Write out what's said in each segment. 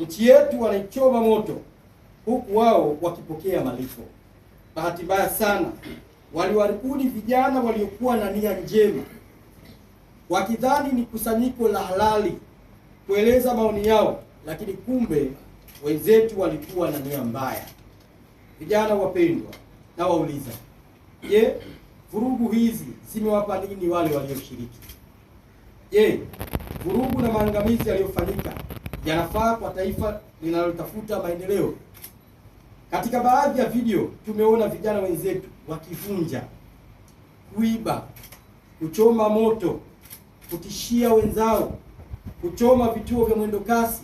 Nchi yetu wanaichoma moto huku wao wakipokea malipo. Bahati mbaya sana, waliwarikudi vijana waliokuwa na nia njema, wakidhani ni kusanyiko la halali kueleza maoni yao, lakini kumbe wenzetu walikuwa na nia mbaya. Vijana wapendwa, na wauliza, je, vurugu hizi zimewapa nini wale walioshiriki? Je, vurugu na maangamizi yaliyofanyika yanafaa kwa taifa linalotafuta maendeleo. Katika baadhi ya video tumeona vijana wenzetu wakivunja, kuiba, kuchoma moto, kutishia wenzao, kuchoma vituo vya mwendokasi,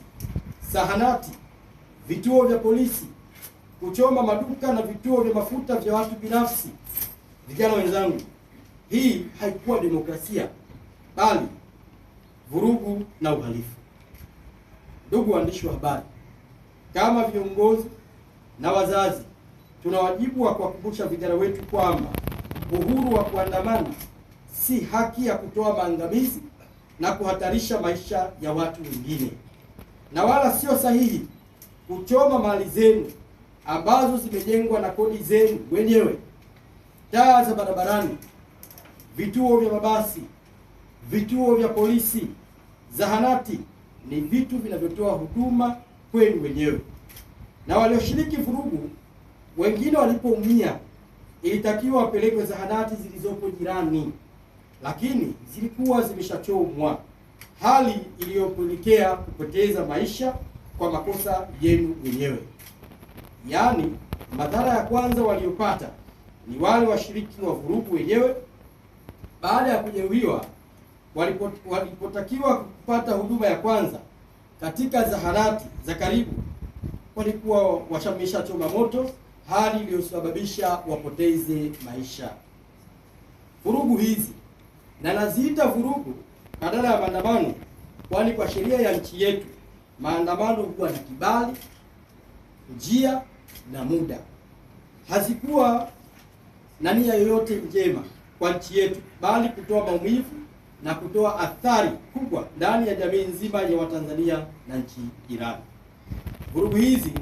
zahanati, vituo vya polisi, kuchoma maduka na vituo vya mafuta vya watu binafsi. Vijana wenzangu, hii haikuwa demokrasia, bali vurugu na uhalifu. Ndugu waandishi wa habari, kama viongozi na wazazi, tuna wajibu wa kuwakumbusha vijana wetu kwamba uhuru wa kuandamana si haki ya kutoa maangamizi na kuhatarisha maisha ya watu wengine, na wala sio sahihi kuchoma mali zenu ambazo zimejengwa na kodi zenu wenyewe, taa za barabarani, vituo vya mabasi, vituo vya polisi, zahanati ni vitu vinavyotoa huduma kwenu wenyewe. Na walioshiriki vurugu, wengine walipoumia, ilitakiwa wapelekwe zahanati zilizopo jirani, lakini zilikuwa zimeshachomwa, hali iliyopelekea kupoteza maisha kwa makosa yenu wenyewe. Yaani, madhara ya kwanza waliopata ni wale washiriki wa vurugu wenyewe baada ya kujeruhiwa walipo, walipotakiwa kupata huduma ya kwanza katika zahanati za karibu walikuwa washamisha choma moto, hali iliyosababisha wapoteze maisha. Vurugu hizi na naziita vurugu badala ya maandamano, kwani kwa sheria ya nchi yetu maandamano huwa ni kibali, njia na muda. Hazikuwa na nia yoyote njema kwa nchi yetu, bali kutoa maumivu na kutoa athari kubwa ndani ya jamii nzima ya Watanzania na nchi jirani. Vurugu hizi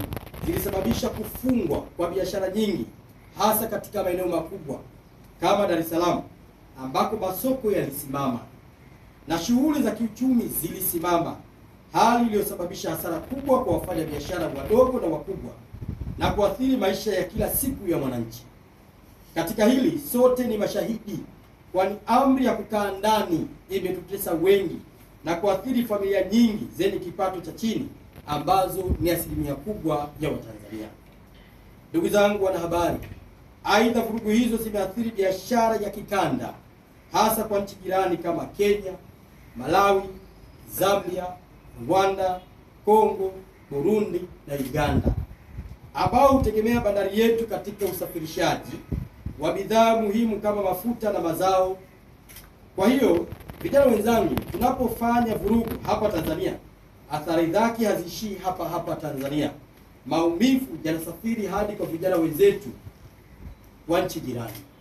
zilisababisha kufungwa kwa biashara nyingi hasa katika maeneo makubwa kama Dar es Salaam ambako masoko yalisimama na shughuli za kiuchumi zilisimama, hali iliyosababisha hasara kubwa kwa wafanyabiashara wadogo na wakubwa na kuathiri maisha ya kila siku ya mwananchi. Katika hili sote ni mashahidi kwani amri ya kukaa ndani imetutesa wengi na kuathiri familia nyingi zenye kipato cha chini ambazo ni asilimia kubwa ya Watanzania. Ndugu zangu wanahabari, aidha vurugu hizo zimeathiri biashara ya kikanda hasa kwa nchi jirani kama Kenya, Malawi, Zambia, Rwanda, Kongo, Burundi na Uganda ambao hutegemea bandari yetu katika usafirishaji wa bidhaa muhimu kama mafuta na mazao. Kwa hiyo vijana wenzangu, tunapofanya vurugu hapa Tanzania, athari zake haziishii hapa hapa Tanzania. Maumivu yanasafiri hadi kwa vijana wenzetu wa nchi jirani.